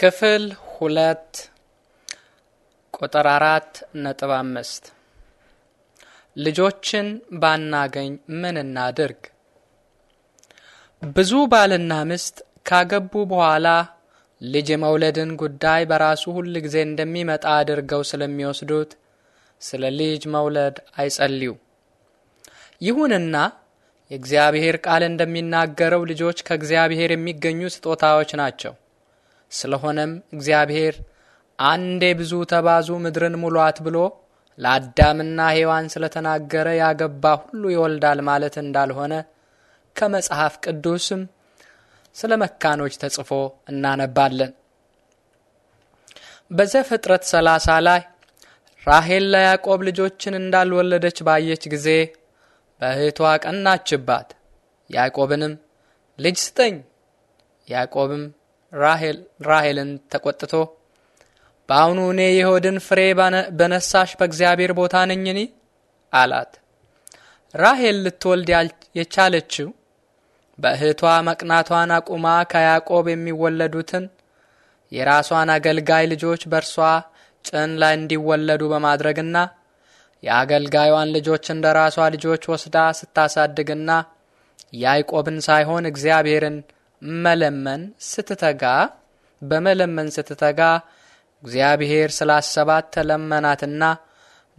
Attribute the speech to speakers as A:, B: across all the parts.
A: ክፍል ሁለት ቁጥር አራት ነጥብ አምስት ልጆችን ባናገኝ ምን እናድርግ? ብዙ ባልና ሚስት ካገቡ በኋላ ልጅ የመውለድን ጉዳይ በራሱ ሁል ጊዜ እንደሚመጣ አድርገው ስለሚወስዱት ስለ ልጅ መውለድ አይጸልዩ። ይሁንና የእግዚአብሔር ቃል እንደሚናገረው ልጆች ከእግዚአብሔር የሚገኙ ስጦታዎች ናቸው። ስለሆነም እግዚአብሔር አንዴ ብዙ ተባዙ ምድርን ሙሏት ብሎ ለአዳምና ሔዋን ስለተናገረ ያገባ ሁሉ ይወልዳል ማለት እንዳልሆነ ከመጽሐፍ ቅዱስም ስለ መካኖች ተጽፎ እናነባለን። በዘፍጥረት ሰላሳ ላይ ራሔል ለያዕቆብ ልጆችን እንዳልወለደች ባየች ጊዜ በእህቷ ቀናችባት። ያዕቆብንም ልጅ ስጠኝ፣ ያዕቆብም ራሄልን ተቆጥቶ በአሁኑ እኔ የሆድን ፍሬ በነሳሽ በእግዚአብሔር ቦታ ነኝኒ አላት። ራሄል ልትወልድ የቻለችው በእህቷ መቅናቷን አቁማ ከያዕቆብ የሚወለዱትን የራሷን አገልጋይ ልጆች በእርሷ ጭን ላይ እንዲወለዱ በማድረግና የአገልጋዩን ልጆች እንደ ራሷ ልጆች ወስዳ ስታሳድግና ያዕቆብን ሳይሆን እግዚአብሔርን መለመን ስትተጋ በመለመን ስትተጋ እግዚአብሔር ስላሰባት ተለመናትና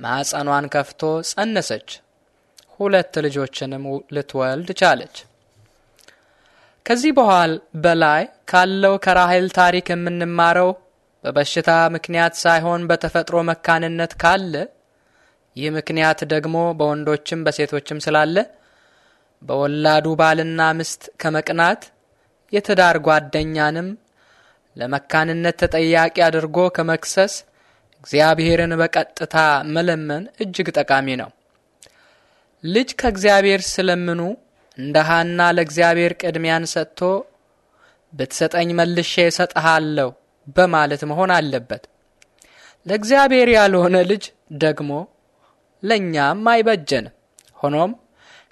A: ማጸኗን ከፍቶ ጸነሰች። ሁለት ልጆችንም ልትወልድ ቻለች። ከዚህ በኋላ በላይ ካለው ከራሔል ታሪክ የምንማረው በበሽታ ምክንያት ሳይሆን በተፈጥሮ መካንነት ካለ ይህ ምክንያት ደግሞ በወንዶችም በሴቶችም ስላለ በወላዱ ባልና ምስት ከመቅናት የትዳር ጓደኛንም ለመካንነት ተጠያቂ አድርጎ ከመክሰስ እግዚአብሔርን በቀጥታ መለመን እጅግ ጠቃሚ ነው። ልጅ ከእግዚአብሔር ስለምኑ እንደ ሐና ለእግዚአብሔር ቅድሚያን ሰጥቶ ብትሰጠኝ መልሼ እሰጥሃለሁ በማለት መሆን አለበት። ለእግዚአብሔር ያልሆነ ልጅ ደግሞ ለእኛም አይበጀንም። ሆኖም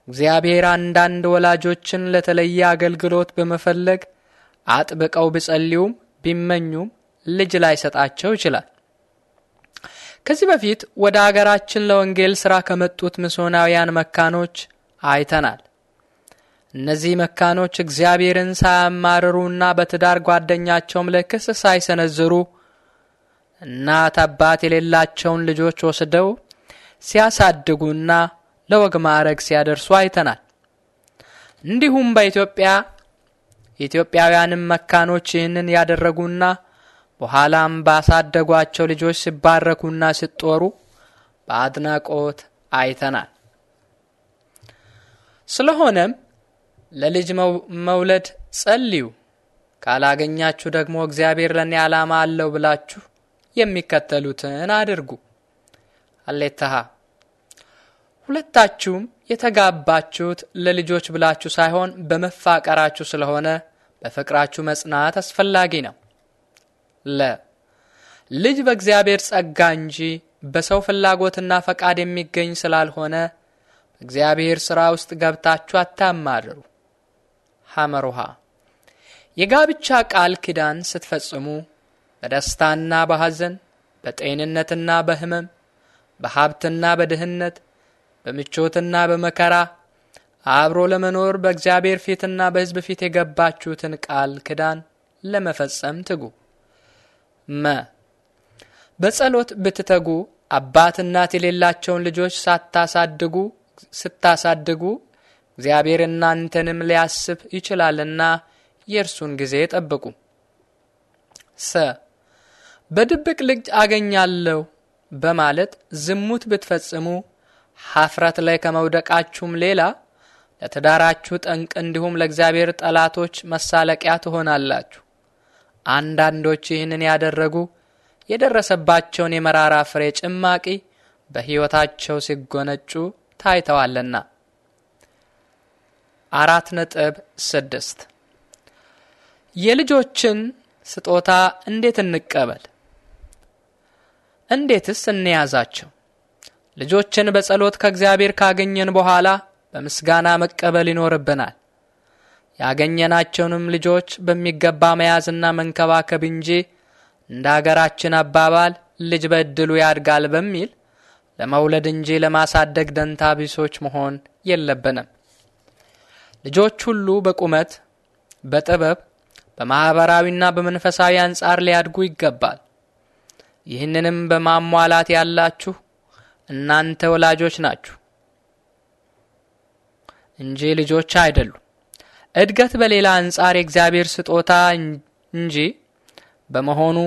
A: እግዚአብሔር አንዳንድ ወላጆችን ለተለየ አገልግሎት በመፈለግ አጥብቀው ቢጸልዩም ቢመኙም ልጅ ላይሰጣቸው ይችላል። ከዚህ በፊት ወደ አገራችን ለወንጌል ሥራ ከመጡት ምስዮናውያን መካኖች አይተናል። እነዚህ መካኖች እግዚአብሔርን ሳያማርሩና በትዳር ጓደኛቸውም ለክስ ሳይሰነዝሩ እናት አባት የሌላቸውን ልጆች ወስደው ሲያሳድጉና ለወግ ማዕረግ ሲያደርሱ አይተናል። እንዲሁም በኢትዮጵያ የኢትዮጵያውያንም መካኖች ይህንን ያደረጉና በኋላም ባሳደጓቸው ልጆች ሲባረኩና ሲጦሩ በአድናቆት አይተናል። ስለሆነም ለልጅ መውለድ ጸልዩ። ካላገኛችሁ ደግሞ እግዚአብሔር ለእኔ ዓላማ አለው ብላችሁ የሚከተሉትን አድርጉ። አሌተሃ ሁለታችሁም የተጋባችሁት ለልጆች ብላችሁ ሳይሆን በመፋቀራችሁ ስለሆነ በፍቅራችሁ መጽናት አስፈላጊ ነው። ለ ልጅ በእግዚአብሔር ጸጋ እንጂ በሰው ፍላጎትና ፈቃድ የሚገኝ ስላልሆነ በእግዚአብሔር ሥራ ውስጥ ገብታችሁ አታማርሩ። ሐመሩሃ የጋብቻ ቃል ኪዳን ስትፈጽሙ በደስታና በሐዘን፣ በጤንነትና በሕመም፣ በሀብትና በድህነት፣ በምቾትና በመከራ አብሮ ለመኖር በእግዚአብሔር ፊትና በሕዝብ ፊት የገባችሁትን ቃል ክዳን ለመፈጸም ትጉ። መ በጸሎት ብትተጉ አባት እናት የሌላቸውን ልጆች ሳታሳድጉ ስታሳድጉ እግዚአብሔር እናንተንም ሊያስብ ይችላልና የእርሱን ጊዜ ጠብቁ። ሰ በድብቅ ልጅ አገኛለሁ በማለት ዝሙት ብትፈጽሙ ሀፍረት ላይ ከመውደቃችሁም ሌላ ለትዳራችሁ ጠንቅ እንዲሁም ለእግዚአብሔር ጠላቶች መሳለቂያ ትሆናላችሁ። አንዳንዶች ይህንን ያደረጉ የደረሰባቸውን የመራራ ፍሬ ጭማቂ በሕይወታቸው ሲጎነጩ ታይተዋልና። አራት ነጥብ ስድስት የልጆችን ስጦታ እንዴት እንቀበል? እንዴትስ እንያዛቸው? ልጆችን በጸሎት ከእግዚአብሔር ካገኘን በኋላ በምስጋና መቀበል ይኖርብናል። ያገኘናቸውንም ልጆች በሚገባ መያዝና መንከባከብ እንጂ እንደ አገራችን አባባል ልጅ በእድሉ ያድጋል በሚል ለመውለድ እንጂ ለማሳደግ ደንታ ቢሶች መሆን የለብንም። ልጆች ሁሉ በቁመት፣ በጥበብ፣ በማኅበራዊና በመንፈሳዊ አንጻር ሊያድጉ ይገባል። ይህንንም በማሟላት ያላችሁ እናንተ ወላጆች ናችሁ እንጂ ልጆች አይደሉም። እድገት በሌላ አንጻር የእግዚአብሔር ስጦታ እንጂ በመሆኑ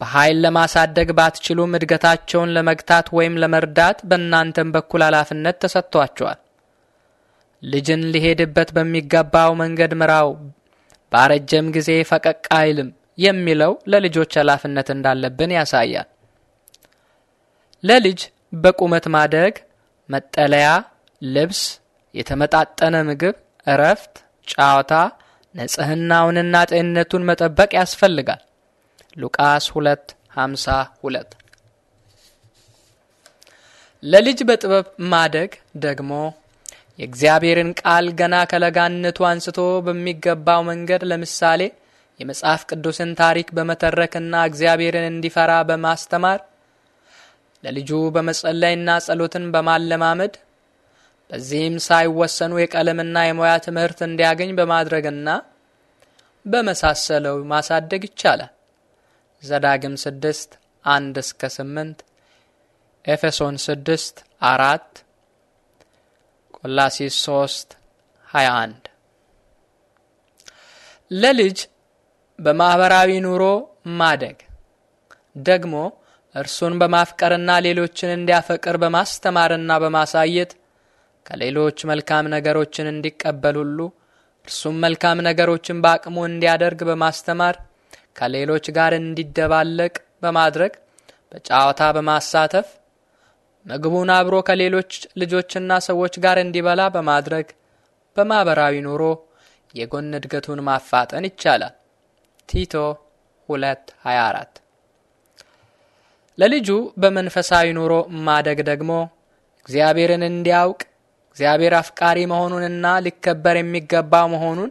A: በኃይል ለማሳደግ ባትችሉም እድገታቸውን ለመግታት ወይም ለመርዳት በእናንተም በኩል ኃላፊነት ተሰጥቷቸዋል። ልጅን ሊሄድበት በሚገባው መንገድ ምራው፣ ባረጀም ጊዜ ፈቀቅ አይልም የሚለው ለልጆች ኃላፊነት እንዳለብን ያሳያል። ለልጅ በቁመት ማደግ፣ መጠለያ፣ ልብስ፣ የተመጣጠነ ምግብ፣ እረፍት፣ ጨዋታ፣ ንጽህናውንና ጤንነቱን መጠበቅ ያስፈልጋል። ሉቃስ 2 52 ለልጅ በጥበብ ማደግ ደግሞ የእግዚአብሔርን ቃል ገና ከለጋነቱ አንስቶ በሚገባው መንገድ ለምሳሌ የመጽሐፍ ቅዱስን ታሪክ በመተረክና እግዚአብሔርን እንዲፈራ በማስተማር ለልጁ በመጸለይና ጸሎትን በማለማመድ በዚህም ሳይወሰኑ የቀለምና የሙያ ትምህርት እንዲያገኝ በማድረግና በመሳሰለው ማሳደግ ይቻላል። ዘዳግም ስድስት አንድ እስከ ስምንት ኤፌሶን ስድስት አራት ቆላሲስ ሶስት ሀያ አንድ ለልጅ በማኅበራዊ ኑሮ ማደግ ደግሞ እርሱን በማፍቀርና ሌሎችን እንዲያፈቅር በማስተማርና በማሳየት ከሌሎች መልካም ነገሮችን እንዲቀበል ሁሉ እርሱም መልካም ነገሮችን በአቅሙ እንዲያደርግ በማስተማር ከሌሎች ጋር እንዲደባለቅ በማድረግ በጨዋታ በማሳተፍ ምግቡን አብሮ ከሌሎች ልጆችና ሰዎች ጋር እንዲበላ በማድረግ በማኅበራዊ ኑሮ የጎን እድገቱን ማፋጠን ይቻላል። ቲቶ 2 24 ለልጁ በመንፈሳዊ ኑሮ ማደግ ደግሞ እግዚአብሔርን እንዲያውቅ እግዚአብሔር አፍቃሪ መሆኑንና ሊከበር የሚገባ መሆኑን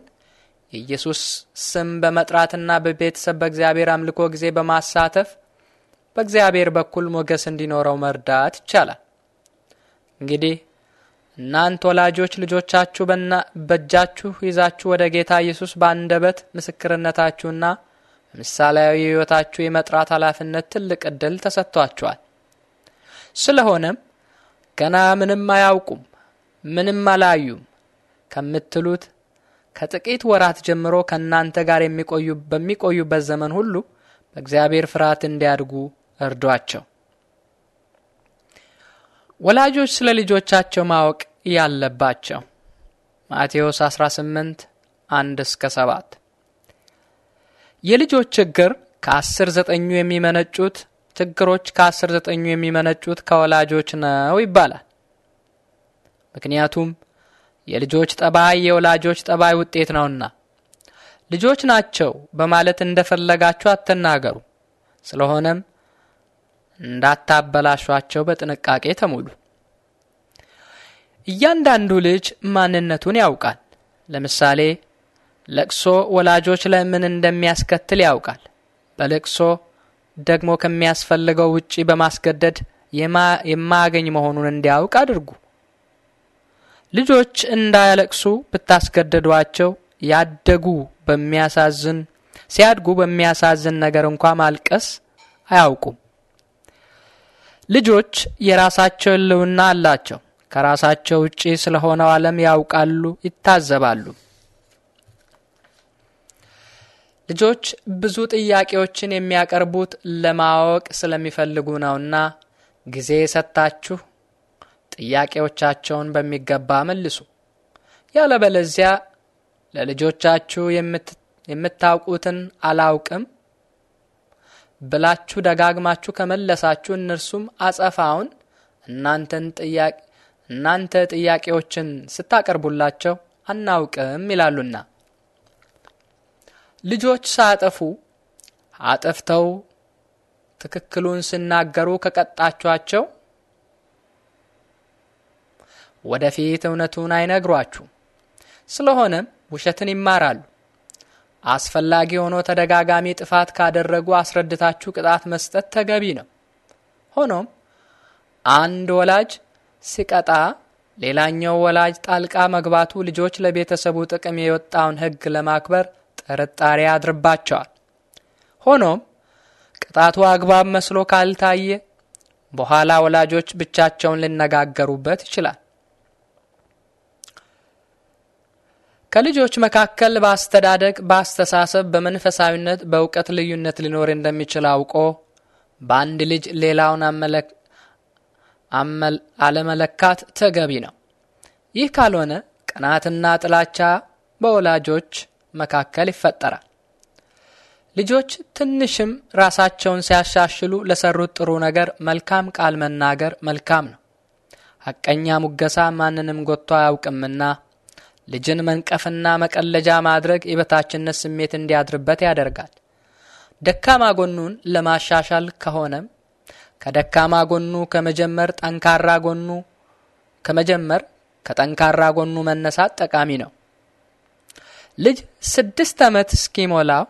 A: የኢየሱስ ስም በመጥራትና በቤተሰብ በእግዚአብሔር አምልኮ ጊዜ በማሳተፍ በእግዚአብሔር በኩል ሞገስ እንዲኖረው መርዳት ይቻላል። እንግዲህ እናንት ወላጆች ልጆቻችሁ በእጃችሁ ይዛችሁ ወደ ጌታ ኢየሱስ በአንደበት ምስክርነታችሁና ምሳሌያዊ ሕይወታችሁ የመጥራት ኃላፊነት ትልቅ ዕድል ተሰጥቷችኋል። ስለሆነም ገና ምንም አያውቁም፣ ምንም አላዩም ከምትሉት ከጥቂት ወራት ጀምሮ ከእናንተ ጋር የሚቆዩ በሚቆዩበት ዘመን ሁሉ በእግዚአብሔር ፍርሃት እንዲያድጉ እርዷቸው። ወላጆች ስለ ልጆቻቸው ማወቅ ያለባቸው ማቴዎስ 18 1 እስከ 7 የልጆች ችግር ከአስር ዘጠኙ የሚመነጩት ችግሮች ከአስር ዘጠኙ የሚመነጩት ከወላጆች ነው ይባላል። ምክንያቱም የልጆች ጠባይ የወላጆች ጠባይ ውጤት ነውና ልጆች ናቸው በማለት እንደፈለጋችሁ አትናገሩ። ስለሆነም እንዳታበላሿቸው በጥንቃቄ ተሞሉ። እያንዳንዱ ልጅ ማንነቱን ያውቃል። ለምሳሌ ለቅሶ ወላጆች ላይ ምን እንደሚያስከትል ያውቃል። በለቅሶ ደግሞ ከሚያስፈልገው ውጪ በማስገደድ የማያገኝ መሆኑን እንዲያውቅ አድርጉ። ልጆች እንዳያለቅሱ ብታስገደዷቸው ያደጉ በሚያሳዝን ሲያድጉ በሚያሳዝን ነገር እንኳ ማልቀስ አያውቁም። ልጆች የራሳቸው ሕልውና አላቸው። ከራሳቸው ውጪ ስለሆነው ዓለም ያውቃሉ፣ ይታዘባሉ። ልጆች ብዙ ጥያቄዎችን የሚያቀርቡት ለማወቅ ስለሚፈልጉ ነውና ጊዜ ሰጥታችሁ ጥያቄዎቻቸውን በሚገባ መልሱ። ያለበለዚያ ለልጆቻችሁ የምታውቁትን አላውቅም ብላችሁ ደጋግማችሁ ከመለሳችሁ እነርሱም አጸፋውን እናንተን ጥያቄ እናንተ ጥያቄዎችን ስታቀርቡላቸው አናውቅም ይላሉና ልጆች ሳጠፉ አጠፍተው ትክክሉን ሲናገሩ ከቀጣችኋቸው ወደፊት እውነቱን አይነግሯችሁ። ስለሆነም ውሸትን ይማራሉ። አስፈላጊ ሆኖ ተደጋጋሚ ጥፋት ካደረጉ አስረድታችሁ ቅጣት መስጠት ተገቢ ነው። ሆኖም አንድ ወላጅ ሲቀጣ ሌላኛው ወላጅ ጣልቃ መግባቱ ልጆች ለቤተሰቡ ጥቅም የወጣውን ሕግ ለማክበር ጥርጣሬ አድርባቸዋል። ሆኖም ቅጣቱ አግባብ መስሎ ካልታየ በኋላ ወላጆች ብቻቸውን ሊነጋገሩበት ይችላል። ከልጆች መካከል በአስተዳደግ፣ በአስተሳሰብ፣ በመንፈሳዊነት፣ በእውቀት ልዩነት ሊኖር እንደሚችል አውቆ በአንድ ልጅ ሌላውን አለመለካት ተገቢ ነው። ይህ ካልሆነ ቅናትና ጥላቻ በወላጆች መካከል ይፈጠራል። ልጆች ትንሽም ራሳቸውን ሲያሻሽሉ ለሰሩት ጥሩ ነገር መልካም ቃል መናገር መልካም ነው። ሐቀኛ ሙገሳ ማንንም ጎቶ አያውቅምና ልጅን መንቀፍና መቀለጃ ማድረግ የበታችነት ስሜት እንዲያድርበት ያደርጋል። ደካማ ጎኑን ለማሻሻል ከሆነም ከደካማ ጎኑ ከመጀመር ጠንካራ ጎኑ ከመጀመር ከጠንካራ ጎኑ መነሳት ጠቃሚ ነው። ልጅ ስድስት ዓመት እስኪሞላው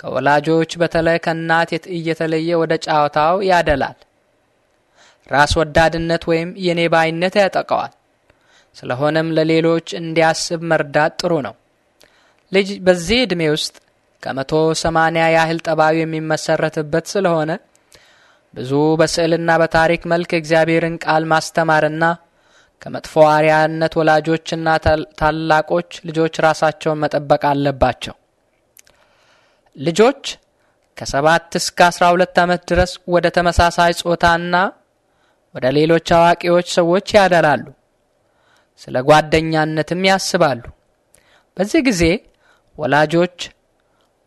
A: ከወላጆች በተለይ ከእናት እየተለየ ወደ ጨዋታው ያደላል። ራስ ወዳድነት ወይም የኔ ባይነት ያጠቀዋል። ስለሆነም ለሌሎች እንዲያስብ መርዳት ጥሩ ነው። ልጅ በዚህ ዕድሜ ውስጥ ከመቶ ሰማንያ ያህል ጠባዩ የሚመሰረትበት ስለሆነ ብዙ በስዕልና በታሪክ መልክ የእግዚአብሔርን ቃል ማስተማርና ከመጥፎ አርያነት ወላጆችና ታላቆች ልጆች ራሳቸውን መጠበቅ አለባቸው። ልጆች ከሰባት እስከ አስራ ሁለት ዓመት ድረስ ወደ ተመሳሳይ ጾታና ወደ ሌሎች አዋቂዎች ሰዎች ያደላሉ። ስለ ጓደኛነትም ያስባሉ። በዚህ ጊዜ ወላጆች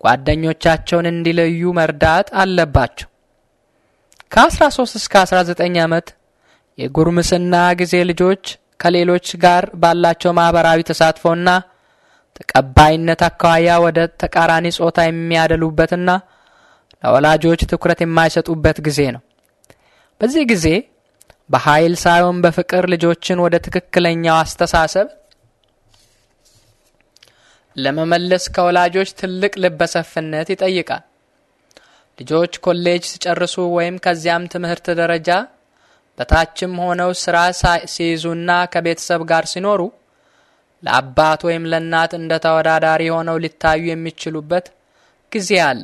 A: ጓደኞቻቸውን እንዲለዩ መርዳት አለባቸው። ከ13 እስከ 19 ዓመት የጉርምስና ጊዜ ልጆች ከሌሎች ጋር ባላቸው ማህበራዊ ተሳትፎና ተቀባይነት አካባያ ወደ ተቃራኒ ጾታ የሚያደሉበትና ለወላጆች ትኩረት የማይሰጡበት ጊዜ ነው። በዚህ ጊዜ በኃይል ሳይሆን በፍቅር ልጆችን ወደ ትክክለኛው አስተሳሰብ ለመመለስ ከወላጆች ትልቅ ልበሰፍነት ይጠይቃል። ልጆች ኮሌጅ ሲጨርሱ ወይም ከዚያም ትምህርት ደረጃ በታችም ሆነው ስራ ሲይዙና ከቤተሰብ ጋር ሲኖሩ ለአባት ወይም ለእናት እንደ ተወዳዳሪ ሆነው ሊታዩ የሚችሉበት ጊዜ አለ።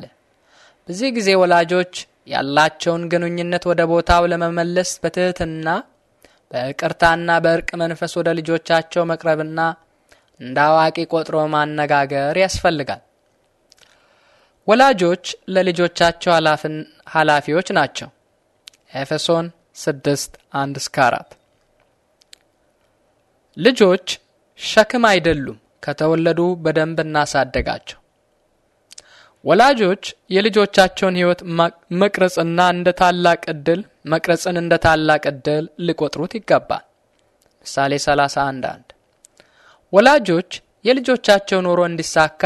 A: በዚህ ጊዜ ወላጆች ያላቸውን ግንኙነት ወደ ቦታው ለመመለስ በትህትና በቅርታና በእርቅ መንፈስ ወደ ልጆቻቸው መቅረብና እንደ አዋቂ ቆጥሮ ማነጋገር ያስፈልጋል። ወላጆች ለልጆቻቸው ኃላፊዎች ናቸው። ኤፌሶን ስድስት አንድ እስከ አራት ልጆች ሸክም አይደሉም፣ ከተወለዱ በደንብ እናሳደጋቸው። ወላጆች የልጆቻቸውን ሕይወት መቅረጽና እንደ ታላቅ እድል መቅረጽን እንደ ታላቅ እድል ሊቆጥሩት ይገባል። ምሳሌ 31 አንድ ወላጆች የልጆቻቸው ኑሮ እንዲሳካ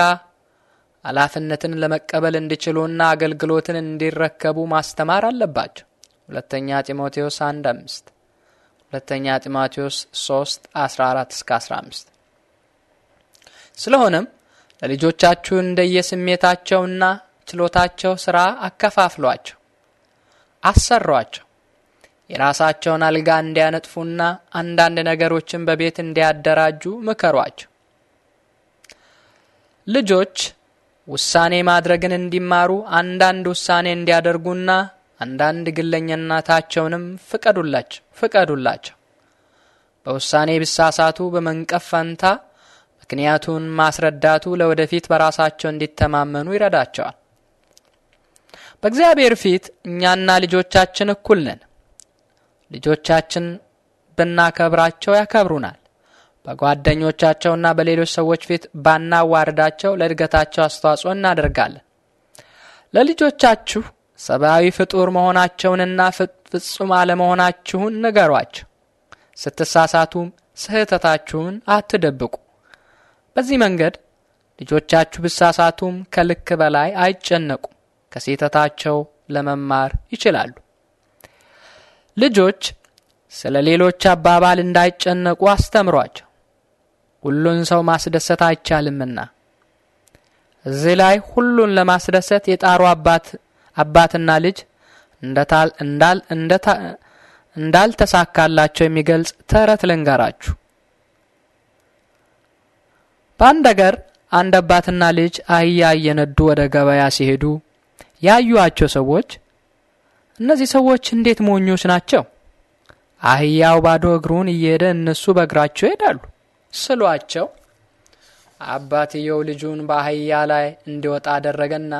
A: ኃላፊነትን ለመቀበል እንዲችሉና አገልግሎትን እንዲረከቡ ማስተማር አለባቸው። ሁለተኛ ጢሞቴዎስ 1 5 ሁለተኛ ጢሞቴዎስ 3 14 እስከ 15 ስለሆነም ለልጆቻችሁ እንደየስሜታቸውና ችሎታቸው ስራ አከፋፍሏቸው፣ አሰሯቸው። የራሳቸውን አልጋ እንዲያነጥፉና አንዳንድ ነገሮችን በቤት እንዲያደራጁ ምከሯቸው። ልጆች ውሳኔ ማድረግን እንዲማሩ አንዳንድ ውሳኔ እንዲያደርጉና አንዳንድ ግለኝነታቸውንም ፍቀዱላቸው ፍቀዱላቸው። በውሳኔ ብሳሳቱ በመንቀፍ ፈንታ ምክንያቱን ማስረዳቱ ለወደፊት በራሳቸው እንዲተማመኑ ይረዳቸዋል። በእግዚአብሔር ፊት እኛና ልጆቻችን እኩል ነን። ልጆቻችን ብናከብራቸው ያከብሩናል። በጓደኞቻቸውና በሌሎች ሰዎች ፊት ባናዋርዳቸው ለእድገታቸው አስተዋጽኦ እናደርጋለን። ለልጆቻችሁ ሰብአዊ ፍጡር መሆናቸውንና ፍጹም አለመሆናችሁን ንገሯቸው። ስትሳሳቱም ስህተታችሁን አትደብቁ። በዚህ መንገድ ልጆቻችሁ ብሳሳቱም ከልክ በላይ አይጨነቁም፣ ከስህተታቸው ለመማር ይችላሉ። ልጆች ስለ ሌሎች አባባል እንዳይጨነቁ አስተምሯቸው፣ ሁሉን ሰው ማስደሰት አይቻልምና። እዚህ ላይ ሁሉን ለማስደሰት የጣሩ አባት አባትና ልጅ እንዳልተሳካላቸው የሚገልጽ ተረት ልንገራችሁ። በአንድ አገር አንድ አባትና ልጅ አህያ እየነዱ ወደ ገበያ ሲሄዱ ያዩአቸው ሰዎች እነዚህ ሰዎች እንዴት ሞኞች ናቸው! አህያው ባዶ እግሩን እየሄደ እነሱ በእግራቸው ይሄዳሉ ስሏቸው አባትየው ልጁን በአህያ ላይ እንዲወጣ አደረገና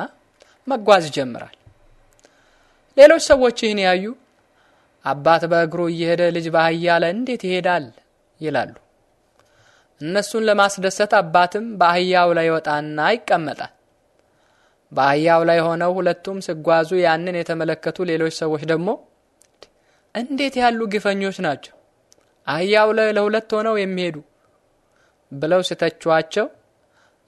A: መጓዝ ይጀምራል። ሌሎች ሰዎች ይህን ያዩ አባት በእግሩ እየሄደ ልጅ በአህያ ላይ እንዴት ይሄዳል ይላሉ። እነሱን ለማስደሰት አባትም በአህያው ላይ ይወጣና ይቀመጣል። በአህያው ላይ ሆነው ሁለቱም ሲጓዙ ያንን የተመለከቱ ሌሎች ሰዎች ደግሞ እንዴት ያሉ ግፈኞች ናቸው አህያው ላይ ለሁለት ሆነው የሚሄዱ ብለው ሲተቿቸው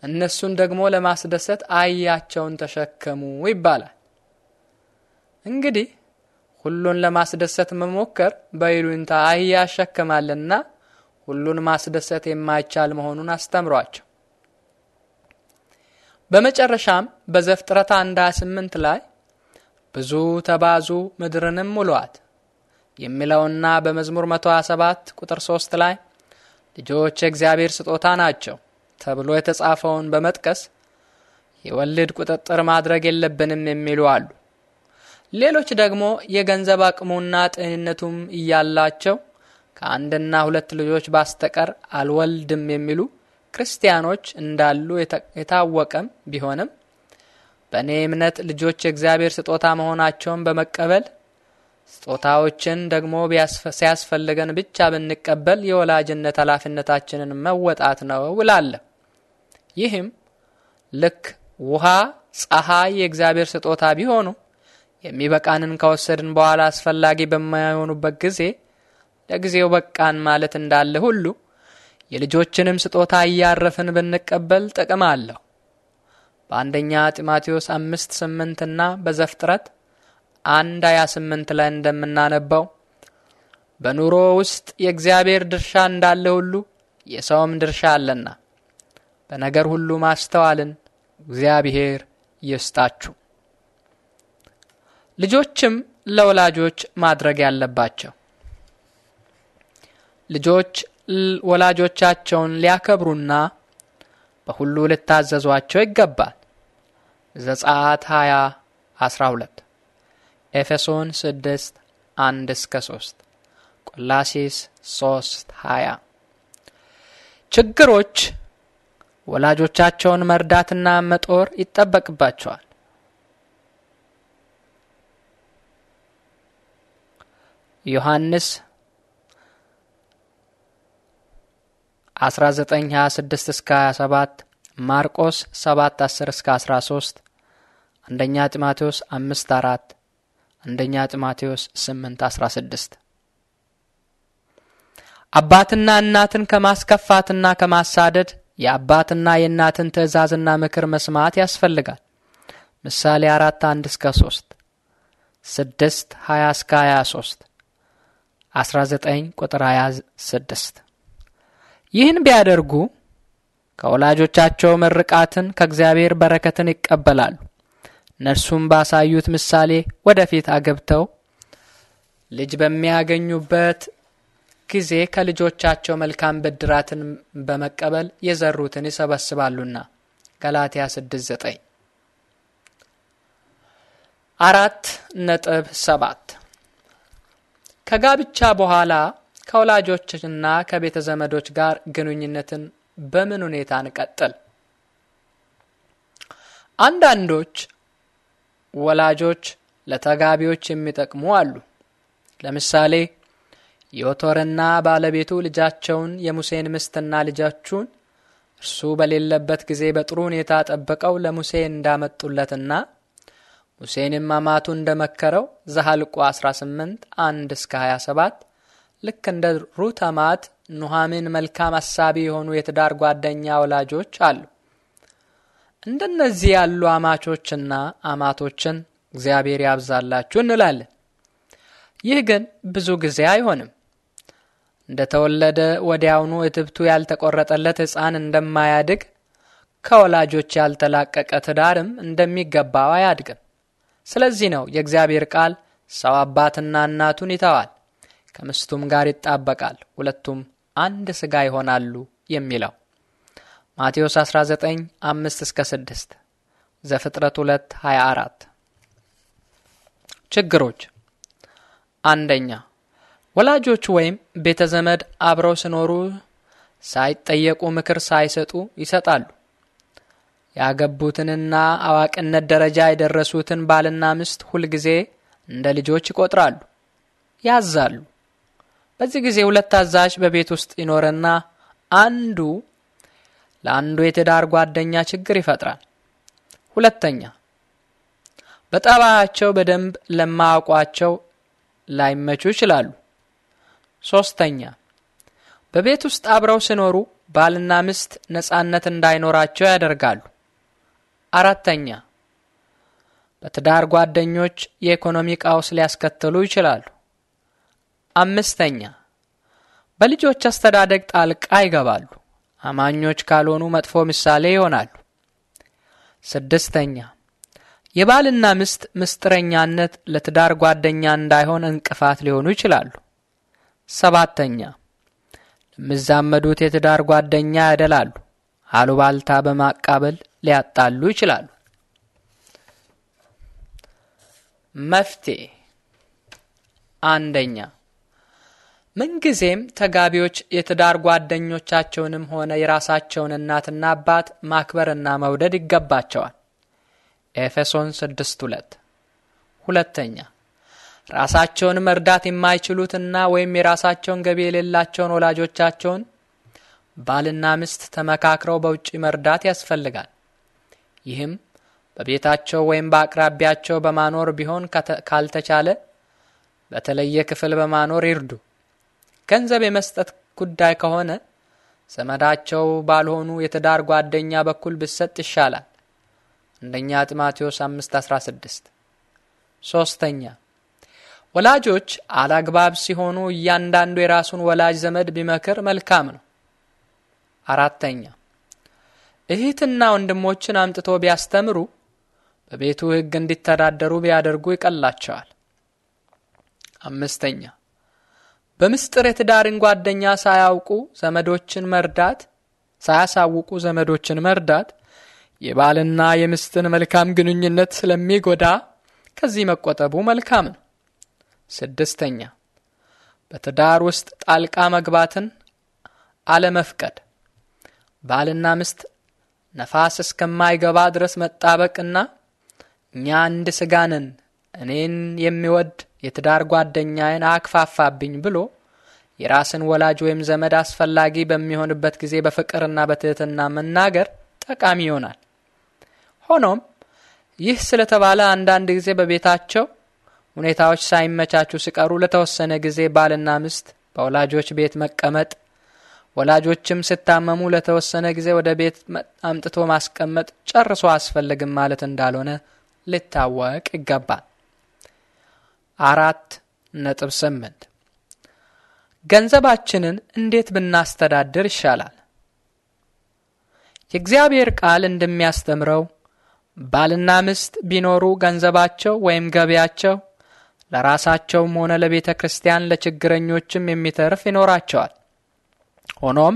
A: እነሱን ደግሞ ለማስደሰት አህያቸውን ተሸከሙ ይባላል። እንግዲህ ሁሉን ለማስደሰት መሞከር በይሉኝታ አህያ ያሸክማልና ሁሉን ማስደሰት የማይቻል መሆኑን አስተምሯቸው። በመጨረሻም በዘፍጥረት 1 28 ላይ ብዙ ተባዙ ምድርንም ሙሏት። የሚለውና በመዝሙር 127 ቁጥር 3 ላይ ልጆች የእግዚአብሔር ስጦታ ናቸው ተብሎ የተጻፈውን በመጥቀስ የወልድ ቁጥጥር ማድረግ የለብንም የሚሉ አሉ። ሌሎች ደግሞ የገንዘብ አቅሙና ጤንነቱም እያላቸው ከአንድና ሁለት ልጆች በስተቀር አልወልድም የሚሉ ክርስቲያኖች እንዳሉ የታወቀም ቢሆንም በእኔ እምነት ልጆች የእግዚአብሔር ስጦታ መሆናቸውን በመቀበል ስጦታዎችን ደግሞ ሲያስፈልገን ብቻ ብንቀበል የወላጅነት ኃላፊነታችንን መወጣት ነው እላለሁ። ይህም ልክ ውሃ፣ ፀሐይ የእግዚአብሔር ስጦታ ቢሆኑ የሚበቃንን ከወሰድን በኋላ አስፈላጊ በማይሆኑበት ጊዜ ለጊዜው በቃን ማለት እንዳለ ሁሉ የልጆችንም ስጦታ እያረፍን ብንቀበል ጥቅም አለው። በአንደኛ ጢማቴዎስ አምስት ስምንትና እና በዘፍጥረት አንድ ሀያ ስምንት ላይ እንደምናነባው በኑሮ ውስጥ የእግዚአብሔር ድርሻ እንዳለ ሁሉ የሰውም ድርሻ አለና በነገር ሁሉ ማስተዋልን እግዚአብሔር ይስጣችሁ። ልጆችም ለወላጆች ማድረግ ያለባቸው ልጆች ወላጆቻቸውን ሊያከብሩና በሁሉ ልታዘዟቸው ይገባል። ዘጸአት 20 12 ኤፌሶን 6 1 እስከ 3 ቆላሲስ 3 20 ችግሮች ወላጆቻቸውን መርዳትና መጦር ይጠበቅባቸዋል። ዮሐንስ 1926 እስከ 27 ማርቆስ 7 10 እስከ 13 አንደኛ ጢሞቴዎስ 5 4 አንደኛ ጢሞቴዎስ 8 16 አባትና እናትን ከማስከፋትና ከማሳደድ የአባትና የእናትን ትእዛዝና ምክር መስማት ያስፈልጋል። ምሳሌ 4 1 እስከ 3 6 20 እስከ 23 19 ቁጥር 26 ይህን ቢያደርጉ ከወላጆቻቸው ምርቃትን ከእግዚአብሔር በረከትን ይቀበላሉ። እነርሱም ባሳዩት ምሳሌ ወደፊት አገብተው ልጅ በሚያገኙበት ጊዜ ከልጆቻቸው መልካም ብድራትን በመቀበል የዘሩትን ይሰበስባሉና ገላትያ 6፥9 አራት ነጥብ ሰባት ከጋብቻ በኋላ ከወላጆችና ከቤተ ዘመዶች ጋር ግንኙነትን በምን ሁኔታ እንቀጥል? አንዳንዶች ወላጆች ለተጋቢዎች የሚጠቅሙ አሉ። ለምሳሌ ዮቶርና ባለቤቱ ልጃቸውን የሙሴን ምስትና ልጃችሁን እርሱ በሌለበት ጊዜ በጥሩ ሁኔታ ጠብቀው ለሙሴ እንዳመጡለትና ሁሴንም አማቱ እንደመከረው ዘሐልቁ 18 1 እስከ 27 ልክ እንደ ሩት አማት ኑሃሚን መልካም አሳቢ የሆኑ የትዳር ጓደኛ ወላጆች አሉ። እንደነዚህ ያሉ አማቾችና አማቶችን እግዚአብሔር ያብዛላችሁ እንላለን። ይህ ግን ብዙ ጊዜ አይሆንም። እንደ ተወለደ ወዲያውኑ እትብቱ ያልተቆረጠለት ሕፃን እንደማያድግ ከወላጆች ያልተላቀቀ ትዳርም እንደሚገባው አያድግም። ስለዚህ ነው የእግዚአብሔር ቃል ሰው አባትና እናቱን ይተዋል ከምስቱም ጋር ይጣበቃል፣ ሁለቱም አንድ ሥጋ ይሆናሉ የሚለው ማቴዎስ 19 5 እስከ 6 ዘፍጥረት 2 24 ችግሮች አንደኛ ወላጆች ወይም ቤተ ዘመድ አብረው ሲኖሩ ሳይጠየቁ ምክር ሳይሰጡ ይሰጣሉ። ያገቡትንና አዋቂነት ደረጃ የደረሱትን ባልና ሚስት ሁልጊዜ እንደ ልጆች ይቆጥራሉ፣ ያዛሉ። በዚህ ጊዜ ሁለት አዛዥ በቤት ውስጥ ይኖርና አንዱ ለአንዱ የትዳር ጓደኛ ችግር ይፈጥራል። ሁለተኛ በጠባያቸው በደንብ ለማያውቋቸው ላይመቹ ይችላሉ። ሶስተኛ በቤት ውስጥ አብረው ሲኖሩ ባልና ሚስት ነጻነት እንዳይኖራቸው ያደርጋሉ። አራተኛ በትዳር ጓደኞች የኢኮኖሚ ቀውስ ሊያስከትሉ ይችላሉ። አምስተኛ በልጆች አስተዳደግ ጣልቃ ይገባሉ። አማኞች ካልሆኑ መጥፎ ምሳሌ ይሆናሉ። ስድስተኛ የባልና ሚስት ምስጢረኛነት ለትዳር ጓደኛ እንዳይሆን እንቅፋት ሊሆኑ ይችላሉ። ሰባተኛ ለሚዛመዱት የትዳር ጓደኛ ያደላሉ። አሉባልታ በማቃበል ሊያጣሉ ይችላሉ። መፍትሄ አንደኛ ምንጊዜም ተጋቢዎች የትዳር ጓደኞቻቸውንም ሆነ የራሳቸውን እናትና አባት ማክበርና መውደድ ይገባቸዋል። ኤፌሶን 6 2 ሁለተኛ ራሳቸውን መርዳት የማይችሉትና ወይም የራሳቸውን ገቢ የሌላቸውን ወላጆቻቸውን ባልና ሚስት ተመካክረው በውጪ መርዳት ያስፈልጋል። ይህም በቤታቸው ወይም በአቅራቢያቸው በማኖር ቢሆን ካልተቻለ በተለየ ክፍል በማኖር ይርዱ። ገንዘብ የመስጠት ጉዳይ ከሆነ ዘመዳቸው ባልሆኑ የትዳር ጓደኛ በኩል ብሰጥ ይሻላል። አንደኛ ጢሞቴዎስ 5:16 ሶስተኛ ወላጆች አላግባብ ሲሆኑ እያንዳንዱ የራሱን ወላጅ ዘመድ ቢመክር መልካም ነው። አራተኛ እህትና ወንድሞችን አምጥቶ ቢያስተምሩ በቤቱ ሕግ እንዲተዳደሩ ቢያደርጉ ይቀላቸዋል። አምስተኛ በምስጢር የትዳርን ጓደኛ ሳያውቁ ዘመዶችን መርዳት ሳያሳውቁ ዘመዶችን መርዳት የባልና የምስትን መልካም ግንኙነት ስለሚጎዳ ከዚህ መቆጠቡ መልካም ነው። ስድስተኛ በትዳር ውስጥ ጣልቃ መግባትን አለመፍቀድ ባልና ምስት ነፋስ እስከማይገባ ድረስ መጣበቅና እኛ አንድ ስጋ ነን፣ እኔን የሚወድ የትዳር ጓደኛዬን አክፋፋብኝ ብሎ የራስን ወላጅ ወይም ዘመድ አስፈላጊ በሚሆንበት ጊዜ በፍቅርና በትህትና መናገር ጠቃሚ ይሆናል። ሆኖም ይህ ስለተባለ አንዳንድ ጊዜ በቤታቸው ሁኔታዎች ሳይመቻቹ ሲቀሩ ለተወሰነ ጊዜ ባልና ሚስት በወላጆች ቤት መቀመጥ ወላጆችም ስታመሙ ለተወሰነ ጊዜ ወደ ቤት አምጥቶ ማስቀመጥ ጨርሶ አስፈልግም ማለት እንዳልሆነ ሊታወቅ ይገባል። አራት ነጥብ ስምንት ገንዘባችንን እንዴት ብናስተዳድር ይሻላል? የእግዚአብሔር ቃል እንደሚያስተምረው ባልና ሚስት ቢኖሩ ገንዘባቸው ወይም ገቢያቸው ለራሳቸውም ሆነ ለቤተ ክርስቲያን ለችግረኞችም የሚተርፍ ይኖራቸዋል። ሆኖም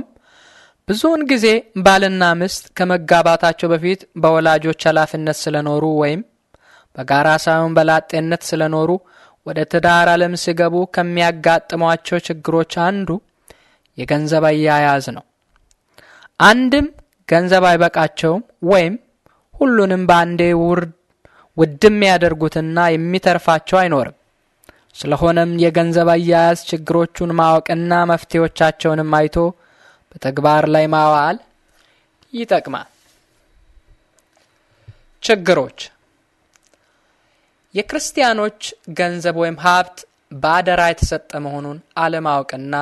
A: ብዙውን ጊዜ ባልና ሚስት ከመጋባታቸው በፊት በወላጆች ኃላፊነት ስለኖሩ ወይም በጋራ ሳይሆን በላጤነት ስለኖሩ ወደ ትዳር ዓለም ሲገቡ ከሚያጋጥሟቸው ችግሮች አንዱ የገንዘብ አያያዝ ነው። አንድም ገንዘብ አይበቃቸውም ወይም ሁሉንም በአንዴ ውድም ያደርጉትና የሚተርፋቸው አይኖርም። ስለሆነም የገንዘብ አያያዝ ችግሮቹን ማወቅና መፍትሄዎቻቸውንም አይቶ በተግባር ላይ ማዋል ይጠቅማል። ችግሮች የክርስቲያኖች ገንዘብ ወይም ሀብት በአደራ የተሰጠ መሆኑን አለማወቅና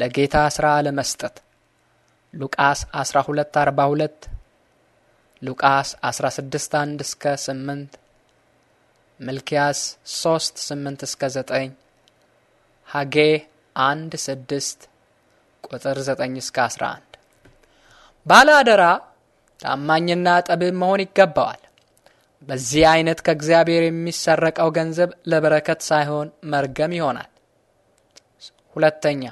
A: ለጌታ ስራ አለመስጠት ሉቃስ 12 42 ሉቃስ 16 1 እስከ 8 ሚልክያስ 3 8 እስከ 9 ሐጌ 1 6 ቁጥር 9 እስከ 11 ባለ አደራ ታማኝና ጠቢብ መሆን ይገባዋል። በዚህ አይነት ከእግዚአብሔር የሚሰረቀው ገንዘብ ለበረከት ሳይሆን መርገም ይሆናል። ሁለተኛ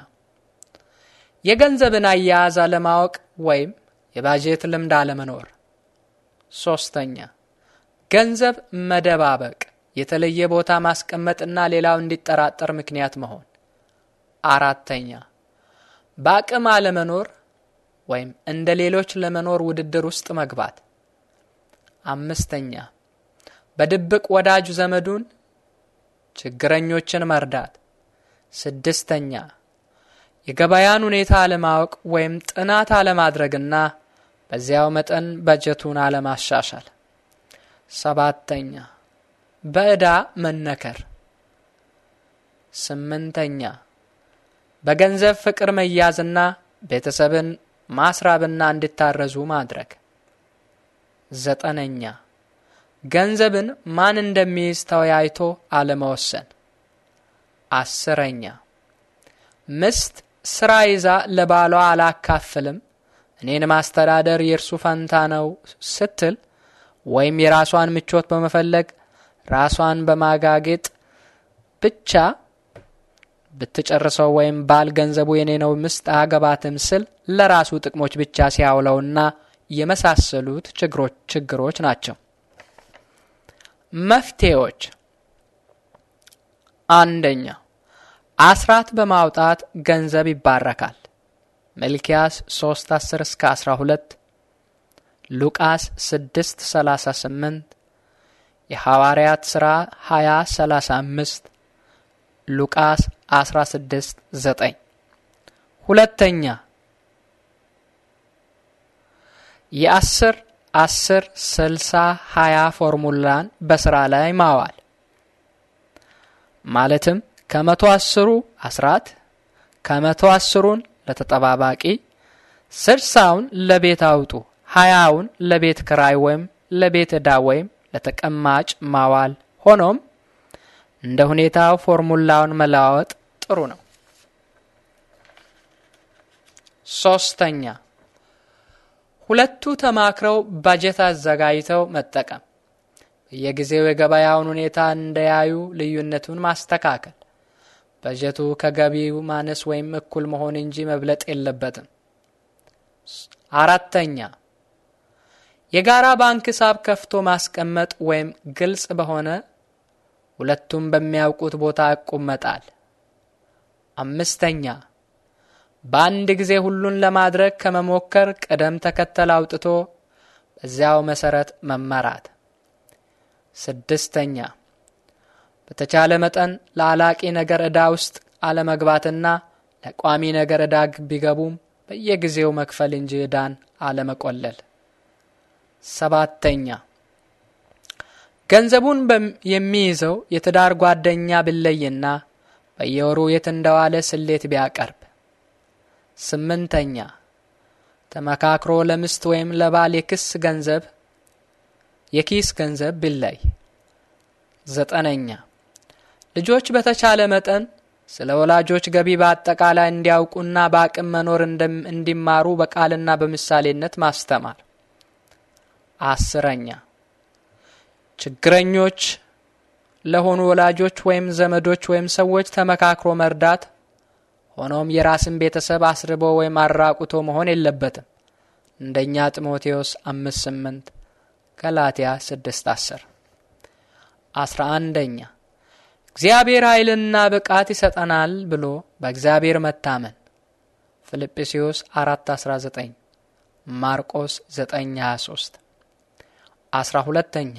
A: የገንዘብን አያያዝ አለማወቅ ወይም የባጀት ልምድ አለመኖር። ሶስተኛ ገንዘብ መደባበቅ የተለየ ቦታ ማስቀመጥና ሌላው እንዲጠራጠር ምክንያት መሆን። አራተኛ በአቅም አለመኖር ወይም እንደ ሌሎች ለመኖር ውድድር ውስጥ መግባት። አምስተኛ በድብቅ ወዳጅ ዘመዱን ችግረኞችን መርዳት። ስድስተኛ የገበያን ሁኔታ አለማወቅ ወይም ጥናት አለማድረግና በዚያው መጠን በጀቱን አለማሻሻል። ሰባተኛ በዕዳ መነከር። ስምንተኛ በገንዘብ ፍቅር መያዝና ቤተሰብን ማስራብና እንዲታረዙ ማድረግ። ዘጠነኛ ገንዘብን ማን እንደሚይዝ ተወያይቶ አለመወሰን። አስረኛ ምስት ስራ ይዛ ለባሏ አላካፍልም እኔን ማስተዳደር የእርሱ ፈንታ ነው ስትል ወይም የራሷን ምቾት በመፈለግ ራሷን በማጋጌጥ ብቻ ብትጨርሰው ወይም ባል ገንዘቡ የኔ ነው ምስጥ አገባትም ስል ለራሱ ጥቅሞች ብቻ ሲያውለውና የመሳሰሉት ችግሮች ችግሮች ናቸው። መፍትሄዎች፣ አንደኛ አስራት በማውጣት ገንዘብ ይባረካል። መልኪያስ 3 10 እስከ 12 ሉቃስ 6 38 የሐዋርያት ሥራ 20 35 ሉቃስ 16 9 ሁለተኛ የአስር አስር ስልሳ ሀያ ፎርሙላን በስራ ላይ ማዋል ማለትም ከመቶ አስሩ አስራት ከመቶ አስሩን ለተጠባባቂ ስልሳውን ለቤት አውጡ ሀያውን ለቤት ክራይ ወይም ለቤት ዕዳ ወይም ለተቀማጭ ማዋል። ሆኖም እንደ ሁኔታው ፎርሙላውን መለዋወጥ ጥሩ ነው። ሶስተኛ ሁለቱ ተማክረው ባጀት አዘጋጅተው መጠቀም፣ በየጊዜው የገበያውን ሁኔታ እንደያዩ ልዩነቱን ማስተካከል። በጀቱ ከገቢው ማነስ ወይም እኩል መሆን እንጂ መብለጥ የለበትም። አራተኛ የጋራ ባንክ ሂሳብ ከፍቶ ማስቀመጥ ወይም ግልጽ በሆነ ሁለቱም በሚያውቁት ቦታ ይቆመጣል። አምስተኛ በአንድ ጊዜ ሁሉን ለማድረግ ከመሞከር ቅደም ተከተል አውጥቶ በዚያው መሰረት መመራት። ስድስተኛ በተቻለ መጠን ለአላቂ ነገር ዕዳ ውስጥ አለመግባትና ለቋሚ ነገር ዕዳ ቢገቡም በየጊዜው መክፈል እንጂ ዕዳን አለመቆለል። ሰባተኛ ገንዘቡን የሚይዘው የትዳር ጓደኛ ቢለይና በየወሩ የት እንደዋለ ስሌት ቢያቀርብ። ስምንተኛ ተመካክሮ ለምስት ወይም ለባል የክስ ገንዘብ የኪስ ገንዘብ ቢለይ። ዘጠነኛ ልጆች በተቻለ መጠን ስለ ወላጆች ገቢ በአጠቃላይ እንዲያውቁና በአቅም መኖር እንዲማሩ በቃልና በምሳሌነት ማስተማር። አስረኛ ችግረኞች ለሆኑ ወላጆች ወይም ዘመዶች ወይም ሰዎች ተመካክሮ መርዳት። ሆኖም የራስን ቤተሰብ አስርቦ ወይም አራቁቶ መሆን የለበትም። እንደኛ ጢሞቴዎስ አምስት ስምንት ገላትያ ስድስት አስር አስራ አንደኛ እግዚአብሔር ኃይልና ብቃት ይሰጠናል ብሎ በእግዚአብሔር መታመን ፊልጵስዩስ አራት አስራ ዘጠኝ ማርቆስ ዘጠኝ ሀያ ሶስት አስራ ሁለተኛ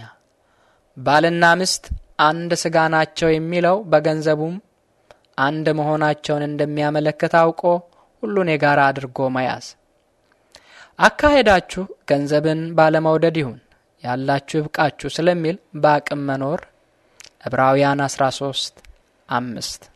A: ባልና ሚስት አንድ ስጋ ናቸው የሚለው በገንዘቡም አንድ መሆናቸውን እንደሚያመለክት አውቆ ሁሉን የጋራ አድርጎ መያዝ። አካሄዳችሁ ገንዘብን ባለመውደድ ይሁን፣ ያላችሁ ይብቃችሁ ስለሚል በአቅም መኖር ዕብራውያን 13 አምስት